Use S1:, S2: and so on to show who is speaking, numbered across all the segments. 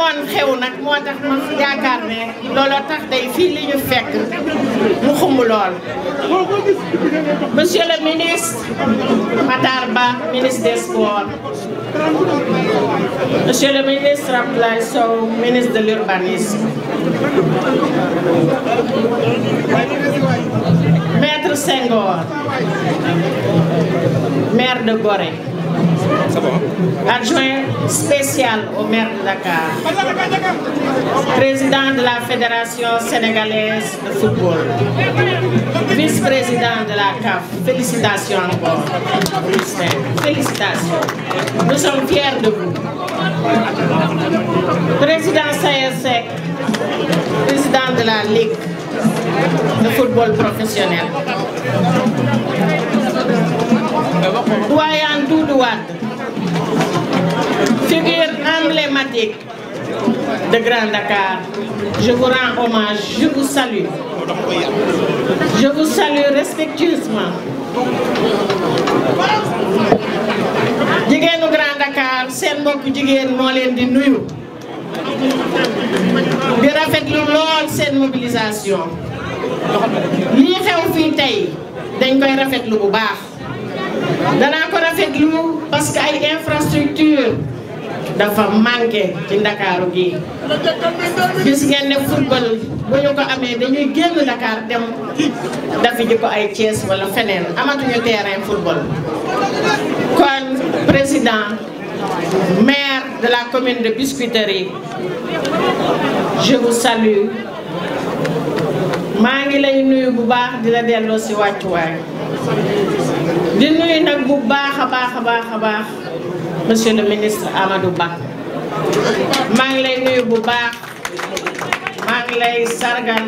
S1: demoon xew nag moo tax ma yaakaar ne looloo tax day fii li ñu fekk mu xumb lool monsieur le ministre Matar Ba ministre des monsieur le ministre Abdoulaye Sow ministre de l'urbanisme maître Senghor maire de Gorée Hein? adjoint spécial au maire de Dakar, président de la Fédération sénégalaise de football, vice-président de la CAF. Félicitations encore, Félicitations. Nous sommes fiers de vous. Président CSEC, président de la Ligue de football professionnel doyen Doudou figure emblématique de Grand Dakar je vous rends hommage je vous salue je vous salue respectueusement jigéenu Grand Dakar seen mbokk jigéen moo leen di nuyu di rafetlu lool sen mobilisation lii xew fii tay, dañ koy lu bu baax danaa ko rafetlu parce que ay infrastructure dafa manqué ci ndakaaru gi gis ngeen ne football bu ñu ko amee dañuy génn ndakaar dem dafa ji ay Thiès wala feneen amatuñu terrain football kon président maire de la commune de Biscuiterie je vous salue maa ngi lay nuyu bu baax di la delloo si wàccuwaay di nuyu nag bu baax a baax a baax a baax monsieur le ministre Amadou Ba maa ngi lay nuyu bu baax maa ngi lay sargal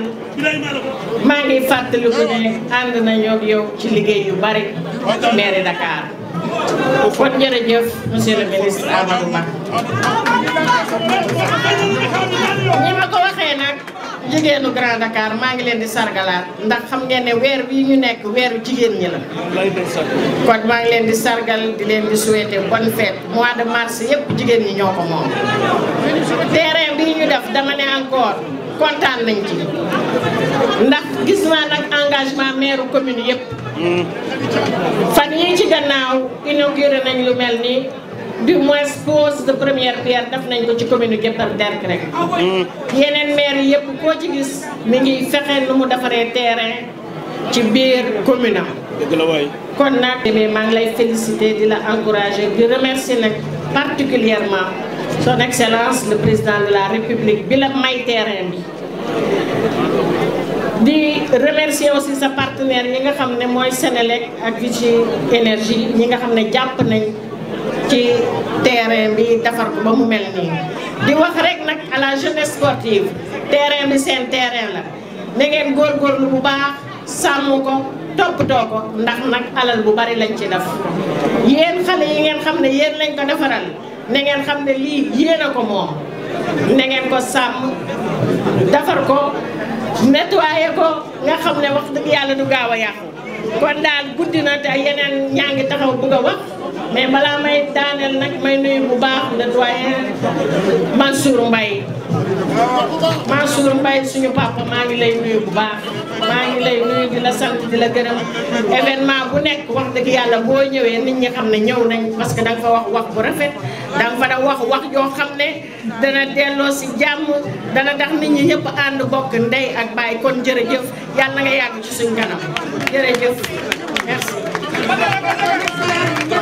S1: maa ngi fàttaliku ne ànd nañoo ak yow ci liggéey yu bari mairie Dakar kon jërëjëf monsieur le ministre Amadou Ba. jigéenu Grand Dakar maa ngi leen di sargalaat ndax xam ngeen ne weer bii ñu nekk weeru jigéen ñi la. kon maa ngi leen di sargal di leen di souhaiter bonne fête mois de mars yëpp jigéen ñi ñoo ko moom. terrain bii ñu def dama ne encore kontaan nañ ci ndax gis naa nag engagement maire commune yëpp. Hmm. fan yii ci gannaaw inauguré nañ lu mel nii. du moins pose de première pierre def nañ ko ci commune par apar rek yenen maire yëpp ko ci gis mi ngi fexé nu mu défaré terrain ci biir commune am kon nak mais ma ngi lay féliciter di la encourager remercier particulièrement son excellence le président de la république bi la may terrain bi di remercier aussi sa partenaire yi nga xamné moy mooy Sénélec ak Vigie énergie ñi nga xamné japp nañ ci terrain bi defar ko ba mu melni di wax rek nak à la jeunesse sportive terrain bi sen terrain la ne ngeen lu bu baax sàmm ko toppatoo ko ndax nak alal bu bari lañ ci def yeen xale yi ngeen xamne yeen lañ ko defaral ne ngeen xamne li yeen ko mom ne ngeen ko sam defar ko nettoyer ko nga xamne wax deug yalla du gawa a kon daal guddi te taxaw bu ga wax mais balaa may daaneel nag may nuyu bu baax le doyen Mansour Mbaye Mansour Mbaye suñu papa maa ngi lay nuyu bu baax maa ngi lay nuyu di la sant di la gërëm événement bu nekk wax dëgg yàlla boo ñëwee nit ñi xam ne ñëw nañ parce que da nga fa wax wax bu rafet da nga fa da wax wax yoo xam ne dana delloo si jàmm dana tax nit ñi ñëpp ànd bokk ndey ak baay kon jërëjëf yàlla nga yàgg ci suñ kanam jërëjëf merci